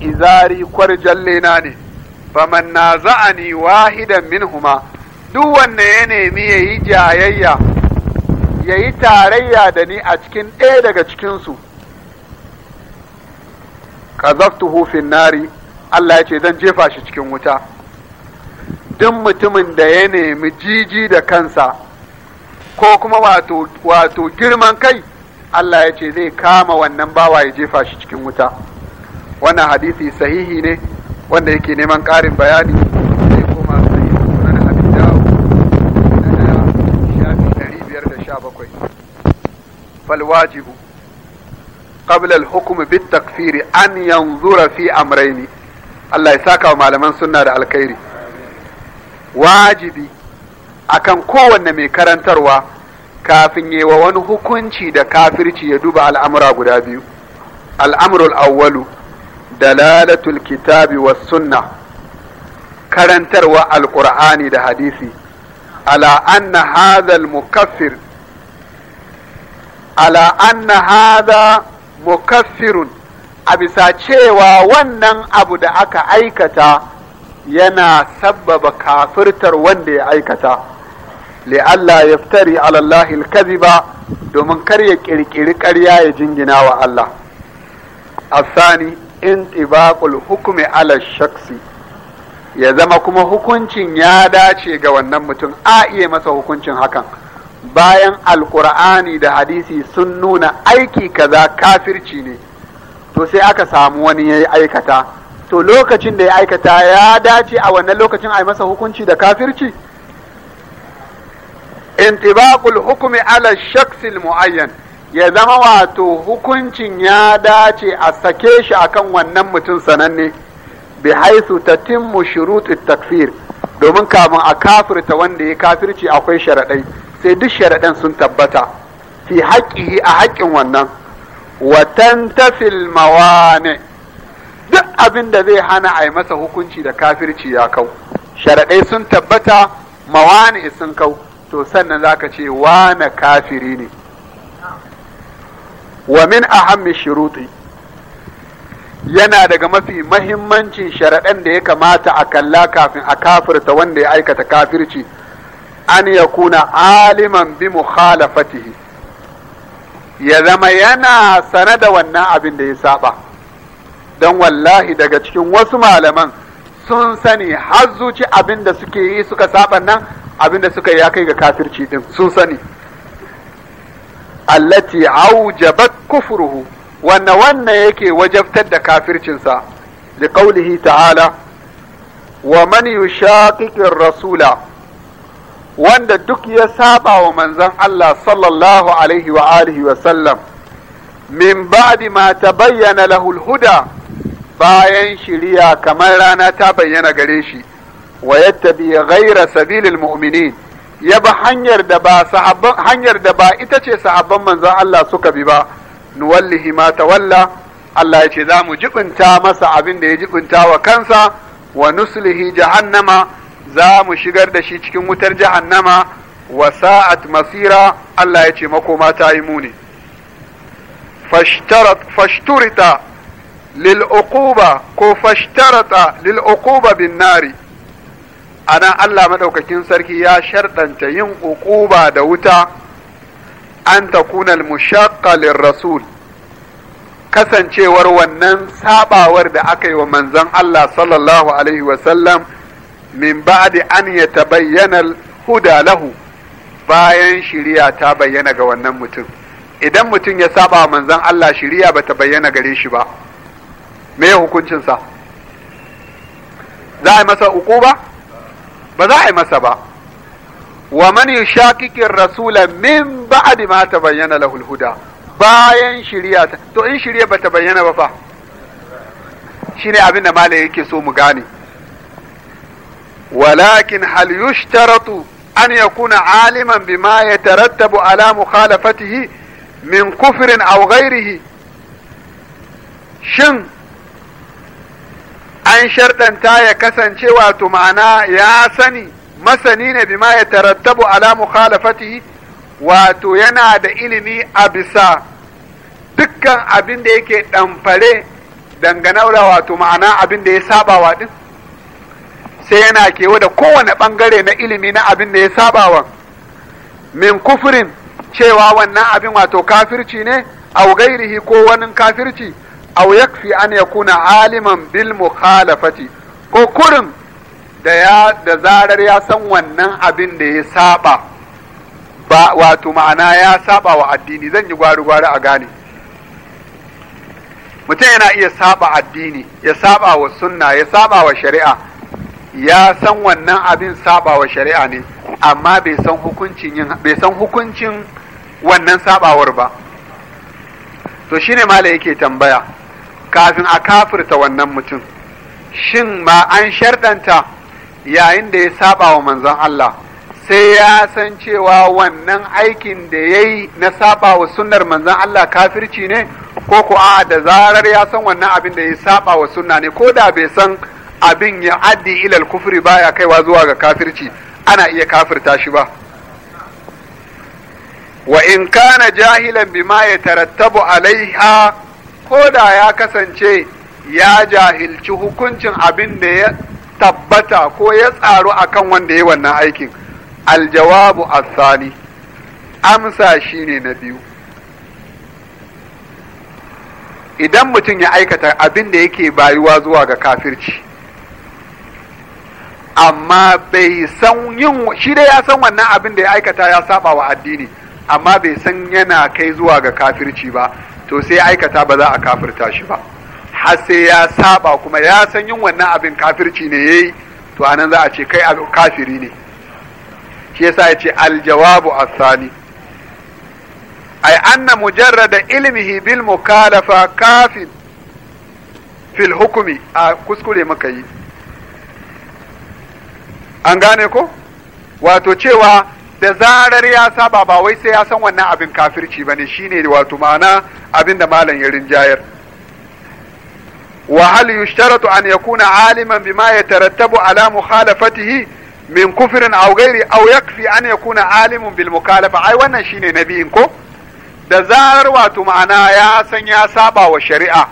izari kwarjallena lena ne faman na za'ani wahidan minhuma duk wanne ya nemi ya yi jayayya ya yi tarayya da ni a cikin ɗaya daga cikinsu kazaftuhu Hufin nari Allah ya ce zan jefa shi cikin wuta duk mutumin da ya nemi jiji da kansa ko kuma wato girman kai Allah ya ce zai kama wannan bawa ya jefa shi cikin wuta wannan hadisi sahihi ne wanda yake neman ƙarin bayani zai koma sahihi sunan abin dawo na daya shafi ɗari biyar da sha bakwai falwajibu قبل الحكم بالتكفير أن ينظر في أمرين الله يساك ومعلمان سنة الكيري واجبي akan kowanne mai karantarwa kafin yi wa wani hukunci da kafirci ya duba al'amura guda biyu al'amurul awwalu dalalatul kitabi was sunna karantarwa alqur'ani da hadisi ala anna hadha a bisa cewa wannan abu da aka aikata yana sabbaba kafirtar wanda ya aikata li'alla yaftari ala Allah al-kadhiba domin kar ya kirkiri ƙarya ya jingina wa Allah asani intibaqul hukumi ala shaksi ya zama kuma hukuncin ya dace ga wannan mutum a iya masa hukuncin hakan bayan alkur'ani da hadisi sun nuna aiki kaza kafirci ne to sai aka samu wani ya aikata to lokacin da ya aikata ya dace a wannan lokacin a masa hukunci da kafirci intibaqul hukumi ala shaksil muayyan ya zama wato hukuncin ya dace a sake shi a kan wannan mutum sananne bi haisu ta tatimmu shurutut takfir domin kamun a kafirta wanda ya kafirci akwai sharaɗai sai duk sharaɗan sun tabbata fi haƙƙihi a haƙƙin wannan watan tafil mawane duk abin da zai hana a yi masa hukunci da kafirci ya kau sharaɗai sun tabbata mawani sun kau to sannan zaka ce wane kafiri ne wa min ahammi shuruti yana daga mafi mahimmancin sharaɗan da ya kamata a kalla kafin a kafirta wanda ya aikata kafirci an ya kuna aliman bi mukhalafatihi ya zama yana sane da wannan abin da ya saba don wallahi daga cikin wasu malaman sun sani har zuci abin da suke yi suka saba nan abin da suka yi ya kai ga kafirci din sun sani allati aujabat kufruhu wanne wannan yake wajabtar da kafircinsa Qawlihi ta'ala wa man yushaqiqir rasula wanda duk ya saba wa manzon Allah sallallahu alaihi wa alihi wa sallam min ba'di ma tabayyana lahu lahulhuda. huda bayan shiriya kamar rana ta bayyana gare shi wa yattabi ghayra sabilil mu'minin ya hanyar da ba sahabban hanyar da ba ita ce sahabban manzon Allah suka bi ba nuwallihi ma tawalla Allah ya ce za mu jibinta masa abin da ya jibinta wa kansa wa nuslihi jahannama za mu shigar da shi cikin wutar jahannama wa sa'at masira Allah ya ce makoma ta yi muni fashturita lil'uquba ko fashtarata lil'uquba bin nari anan Allah maɗaukakin sarki ya sharɗanta yin uquba da wuta an ta al-mushaqqa rasul kasancewar wannan sabawar da aka yi wa manzan Allah sallallahu alaihi wa sallam min ba'di an yatabayyana al-huda lahu bayan shiriya ta bayyana ga wannan mutum idan mutum ya saba manzon Allah shiriya bata bayyana gare shi ba me hukuncinsa za a yi masa uquba ba za a yi masa ba wa man yushaqiqir rasula min ba'di ma tabayyana lahul huda bayan shiriya to in shiriya ba ta bayyana ba fa shine abin da malai yake so mu gane walakin hal yushtaratu an yakuna aliman bima yatarattabu ala mukhalafatihi min kufrin aw ghairihi shin an sharɗanta ya kasance wato ma'ana ya sani masani ne bima ya tarattabu ala mukhalafatihi wato yana da ilimi a bisa dukkan abin da yake ɗamfare dangane wato ma'ana abin da ya saba wa sai yana kewa da kowane bangare na ilimi na abin da ya saba min kufurin cewa wannan abin wato kafirci ne a gairihi ko wani kafirci aw yakfi an yakuna aliman bil mukhalafati ko kurin da ya da zarar ya san wannan abin da ya saba ba wato ma'ana ya saba wa addini zan yi gwari gwari a gane mutum yana iya saba addini ya saba wa sunna ya saba wa shari'a ya san wannan abin saba wa shari'a ne amma bai san hukuncin yin bai san hukuncin wannan sabawar ba to shine mala yake tambaya kafin a kafirta wannan mutum shin ma an sharɗanta yayin da ya saba wa manzon Allah sai ya san cewa wannan aikin da ya yi na saba wa sunnar manzon Allah kafirci ne ko ko a da zarar ya san wannan abin da ya saba wa sunna ne ko da bai san abin ya addi ilal kufri baya kaiwa zuwa ga kafirci ana iya kafirta shi ba wa in kana jahilan bima tarattabu alaiha Koda ya kasance ya jahilci hukuncin abin da ya tabbata ko ya tsaro akan wanda ya wannan aikin aljawabu asali amsa shine na biyu idan mutum ya aikata abin da yake bayuwa zuwa ga kafirci amma bai san yin shi dai ya san wannan abin da ya aikata ya saba wa addini amma bai san yana kai zuwa ga kafirci ba to sai aikata ba za a kafirta shi ba har sai ya saba kuma ya san yin wannan abin kafirci ne yayi to anan za a ce kai kafiri ne shi yasa ya ce aljawabu asani ay anna mujarrada ilmihi bil mukalafa kafin fil hukumi a kuskure maka yi an gane ko wato cewa da zarar ya saba ba wai sai ya san wannan abin kafirci bane shine wato ma'ana abin da malam ya rinjayar wa hal yushtaratu an yakuna aliman bima yatarattabu ala mukhalafatihi min kufrin aw ghairi aw yakfi an yakuna alimun bil mukalafa ai wannan shine nabiyin ko da zarar wato ma'ana ya san ya saba wa shari'a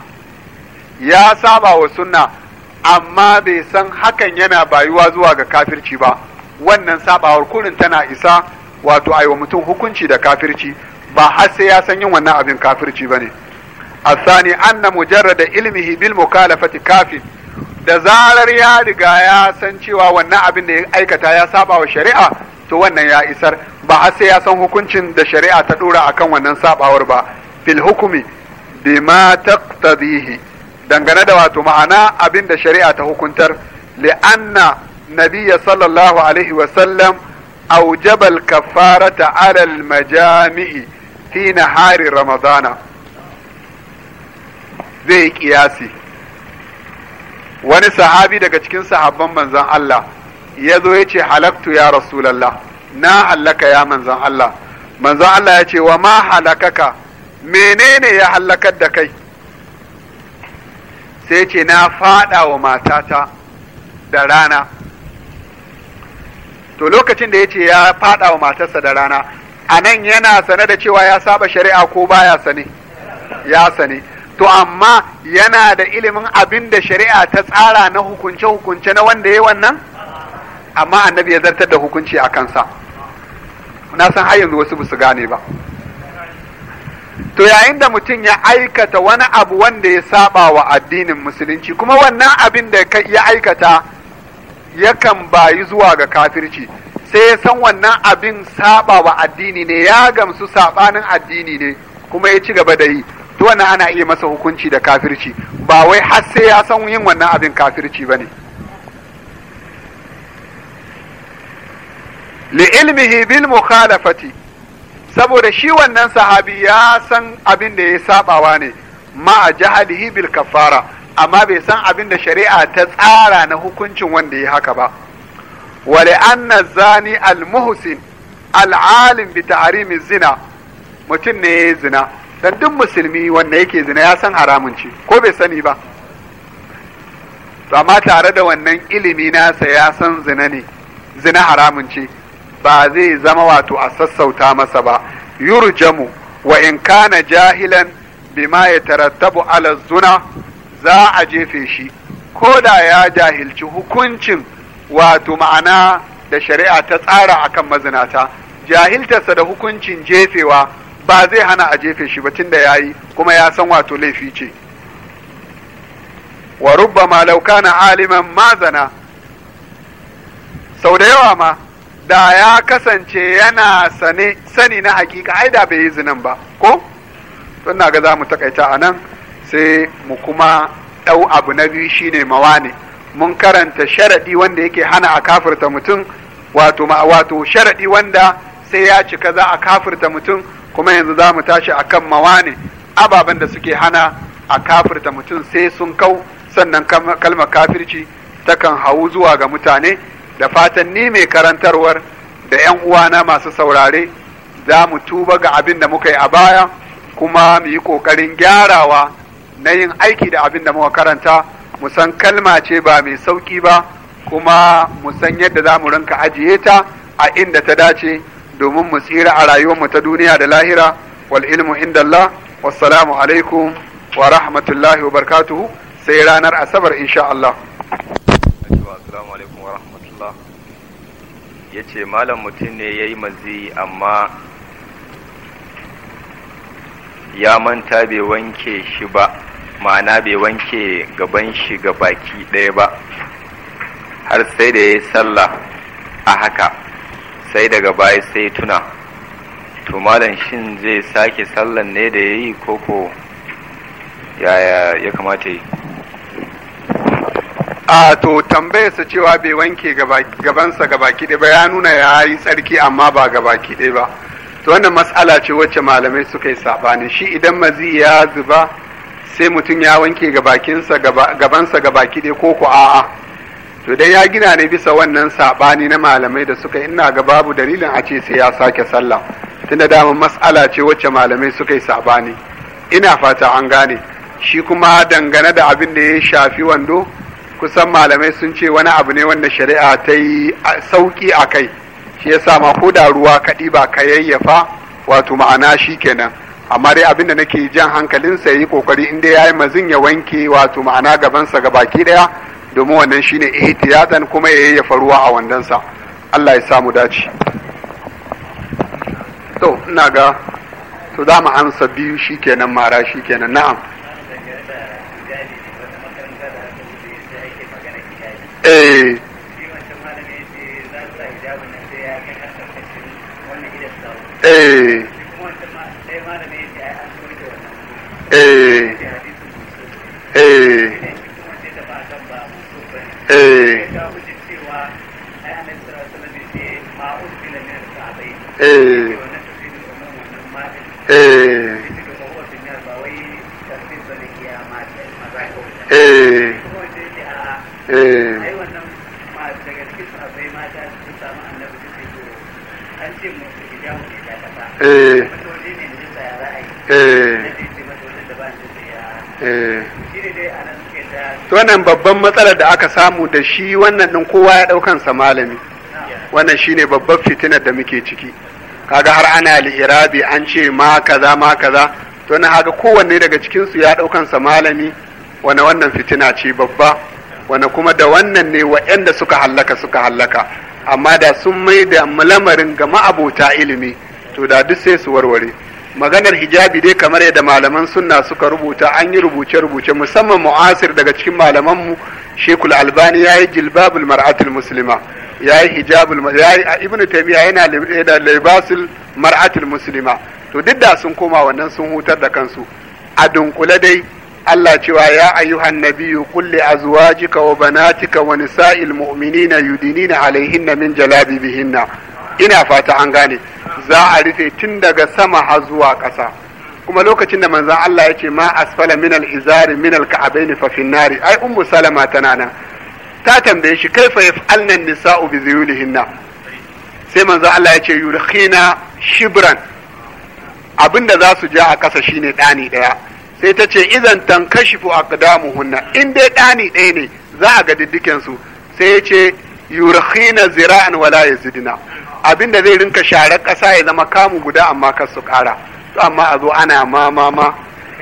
ya saba wa sunna amma bai san hakan yana bayuwa zuwa ga kafirci ba wannan sabawar kurin tana isa wato aiwa mutum hukunci da kafirci ba har sai ya san yin wannan abin kafirci bane asani anna mujarrada ilmihi bil mukalafati kafin da zarar ya riga ya san cewa wannan abin da ya aikata ya saba wa shari'a to wannan ya isar ba har sai ya san hukuncin da shari'a ta dora akan wannan sabawar ba fil hukumi bima taqtadihi dangane da wato ma'ana abin da shari'a ta hukuntar li'anna النبي صلى الله عليه وسلم أوجب الكفارة على المجامع في نهار رمضان zai kiyasi wani sahabi daga cikin sahabban manzon Allah ya zo ya ce halaktu ya rasulallah na halaka ya manzon Allah manzon Allah ya ce wa ma halakaka menene ya halakar da kai sai ce na fada wa matata da rana to lokacin da ya ce ya faɗawa wa matarsa da rana a nan yana sane da cewa ya saba shari'a ko baya sane ya sane to amma yana da ilimin abin da shari'a ta tsara na hukunce-hukunce na wanda ya wannan amma annabi ya zartar da hukunci a kansa na san har yanzu wasu su gane ba to yayin da mutum ya aikata wani abu wanda ya saba wa addinin musulunci kuma wannan abin da ya aikata yakan bayi zuwa ga kafirci sai ya san wannan abin saba wa addini ne ya gamsu sabanin addini ne kuma ya ci gaba da yi to wannan ana iya masa hukunci da kafirci ba wai har sai ya san yin wannan abin kafirci bane li ilmihi bil mukhalafati saboda shi wannan sahabi ya san abin da ya sabawa ne ma jahalihi bil kafara amma bai san abin da shari'a ta tsara na hukuncin wanda ya haka ba wale anna zani al-muhsin al'alim bi ta'rimi zina mutum ne ya zina dan duk musulmi wanda yake zina ya san haramun ko bai sani ba tare da wannan ilimi nasa ya san zina ne zina haramun ba zai zama wato a sassauta masa ba yurjamu wa in kana jahilan bima tarattabu ala zuna za a jefe shi ko da ya jahilci hukuncin wato ma'ana da shari'a ta tsara akan mazinata jahiltarsa da hukuncin jefewa ba zai hana a jefe shi ba tunda ya yi kuma ya san wato laifi ce wa rubbama law na aliman mazana sau da yawa ma da ya kasance yana sane sani na hakika ai da bai yi zinan ba ko tun na ga za mu takaita a nan sai mu kuma ɗau abu na biyu shine mawani mun karanta sharaɗi wanda yake hana a kafirta mutum wato wato sharaɗi wanda sai ya cika za a kafirta mutum kuma yanzu za mu tashi a akan mawani ababen da suke hana a kafirta mutum sai sun kau sannan kalmar kafirci takan hau zuwa ga mutane da fatan ni mai karantarwar da 'yan uwana masu saurare za mu tuba ga abin da muka yi a baya kuma mu yi ƙoƙarin gyarawa na yin aiki da abin da muka karanta mu san kalma ce ba mai sauƙi ba kuma mu san yadda za mu rinka ajiye ta a inda ta dace domin mu tsira a rayuwar mu ta duniya da lahira wal ilmu inda Allah wassalamu alaikum wa rahmatullahi wa barkatuhu sai ranar asabar insha Allah assalamu alaikum yace malam mutum ne yayi mazi amma ya manta bai wanke shi ba ma'ana bai wanke gaban shi ga baki ɗaya ba har sai da ya yi sallah a haka sai daga baya sai tuna to malam shin zai sake sallan ne da ya yi koko yaya ya kamata yi a to tambayarsa cewa bai wanke gabansa ga baki ɗaya ba ya nuna ya yi tsarki amma ba ga baki ɗaya ba to wannan matsala ce wacce malamai suka yi saɓani shi idan mazi ya zuba sai mutum ya wanke gabansa ga baki ɗaya ko ku a'a to dai ya gina ne bisa wannan saɓani na malamai da suka ina ga babu dalilin a ce sai ya sake sallah tunda damar mas'ala ce wacce malamai suka yi saɓani ina fata an gane shi kuma dangane da abin da ya shafi wando kusan malamai sun ce wani abu ne wanda shari'a ta yi sauƙi a kai shi ya sa ma ko da ruwa kaɗi ba ka yayyafa wato ma'ana shi kenan amma dai abinda nake jan hankalinsa ya yi kokari in dai ya yi mazin ya wanke wato ma'ana gabansa ga baki daya domin wannan shine ihtiyatan kuma ya ya faruwa a wandansa Allah ya samu dace to ina ga to za mu amsa biyu shikenan mara shikenan na'am eh eh eh eh eh eh eh eh eh eh eh Eh. wannan babban matsalar da aka samu da shi wannan ɗin kowa ya sa malami wannan shine babban fitinar da muke ciki kaga har ana li'irabi an ce ma kaza ma kaza to na haka kowanne daga cikinsu ya ɗaukansa malami wani wannan fitina ce babba wani kuma da wannan ne wayanda suka hallaka suka hallaka amma da sun mai da lamarin ga ma'abota ilimi to da duk sai su warware maganar hijabi dai kamar yadda malaman sunna suka rubuta an yi rubuce-rubuce musamman mu'asir daga cikin malamanmu shekul albani ya yi jilbabul mar'atul muslima ya yi hijabul ya yi ibn taymiya yana da libasul mar'atul muslima to duk da sun koma wannan sun hutar da kansu a dunkule dai Allah cewa ya ayyuhan nabiyyu qul li azwajika wa banatika wa nisa'il mu'minina yudinina alaihinna min jalabibihinna ina fata an gane za a rufe tun daga sama har zuwa ƙasa kuma lokacin da manzon Allah ya ce ma asfala min al-izari min al-ka'abaini fa nari ai ummu salama tana nan ta tambaye shi kaifa yaf'alna an-nisa'u bi zuyulihinna sai manzon Allah ya ce yurkhina shibran abinda za su ja a ƙasa shine ɗani ɗaya sai ta ce idan tankashifu aqdamuhunna in dai ɗani ɗaya ne za a ga diddiken su sai ya ce yurkhina zira'an wala yazidna abinda zai rinka sharar ƙasa ya zama kamu guda amma kar su ƙara amma a zo ana ma ma ma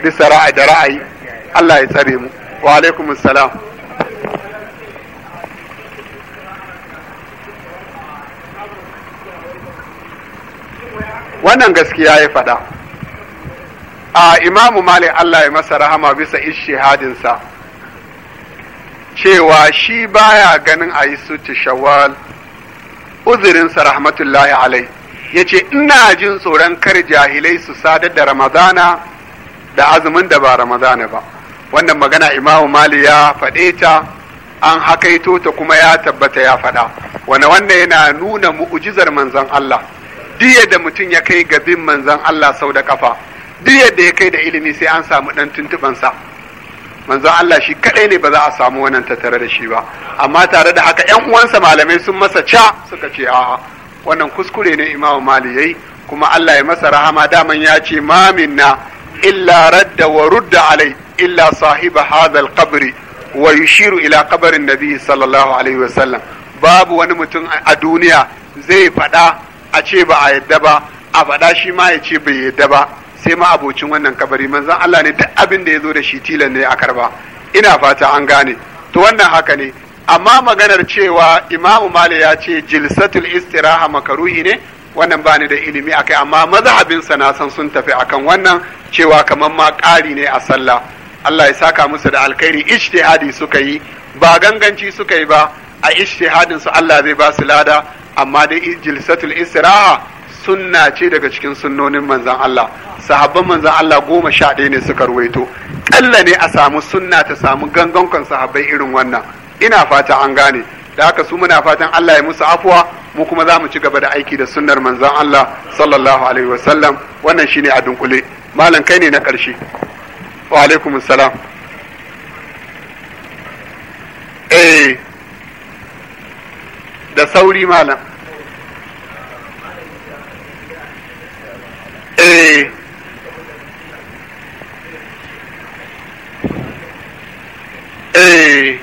bisa ra'ayi da ra'ayi Allah ya tsare mu wa alaikum salam wannan gaskiya ya faɗa a imamu malik Allah ya masa rahama bisa ishihadinsa cewa shi baya ganin a yi suci shawwal uzurinsa rahmatullahi alai ya ce ina jin tsoron kar jahilai su sadar da ramadana da azumin da ba ramadana ba wannan magana imamu mali ya faɗe ta an hakaito ta kuma ya tabbata ya faɗa wani wannan yana nuna mu'ujizar manzan Allah diya da mutum ya kai gabin manzan Allah sau da kafa diya da ya kai da ilimi sai an samu ɗan tuntuɓansa. manzo Allah shi kadai ne ba za a samu wannan tattare da shi ba amma tare da haka ƴan uwansa malamai sun masa ca suka ce a'a wannan kuskure ne imamu mali yayi kuma Allah ya masa rahama daman ya ce ma minna illa radda wa rudda alai illa sahiba hadha alqabri wa yushiru ila qabrin nabi sallallahu alaihi wa sallam babu wani mutum a duniya zai faɗa a ce ba a yadda ba a faɗa shi ma ya ce bai yadda ba sai ma abocin wannan kabari manzan Allah ne duk abin da ya zo da shi tilan ne a karba ina fata an gane to wannan haka ne amma maganar cewa imamu malik ya ce jilsatul istiraha makaruhi ne wannan ba ni da ilimi akai amma mazhabinsa na san sun tafi akan wannan cewa kamar ma ƙari ne a sallah Allah ya saka musu da alkhairi ijtihadi suka yi ba ganganci suka yi ba a ijtihadin su Allah zai ba su lada amma dai jilsatul istiraha sunna ce daga cikin sunnonin manzan Allah sahabban manzan Allah goma sha ɗaya ne suka ruwaito ƙalla ne a samu sunna ta samu gangan sahabbai irin wannan ina fata an gane da haka su muna fatan Allah ya musu afuwa mu kuma za mu ci gaba da aiki da sunnar manzan Allah sallallahu alaihi wasallam wannan shine a dunkule malam kai ne na ƙarshe wa alaikum salam eh da sauri malam eh, eh.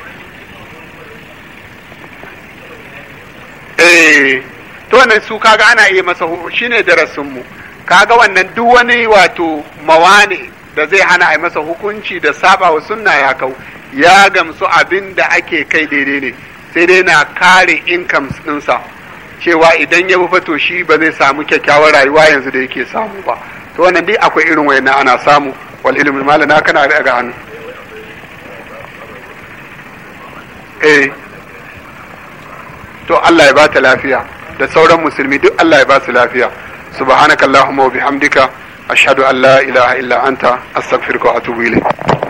eh. wannan su kaga ana iya masa shine darasinmu kaga wannan duk wani wato mawani da zai hana a masa hukunci da saba wa sunna ya kau ya gamsu abin da ake kai daidai ne sai dai na kare incomes ɗinsa. cewa idan ya bi to shi ba zai samu kyakkyawar rayuwa yanzu da yake samu ba to wannan dai akwai irin wayannan ana samu wal ilmu malana kana da ga hannu eh to Allah ya bata lafiya da sauran musulmi duk Allah ya ba su lafiya subhanakallahumma wa bihamdika ashhadu an la ilaha illa anta astaghfiruka wa atubu ilayk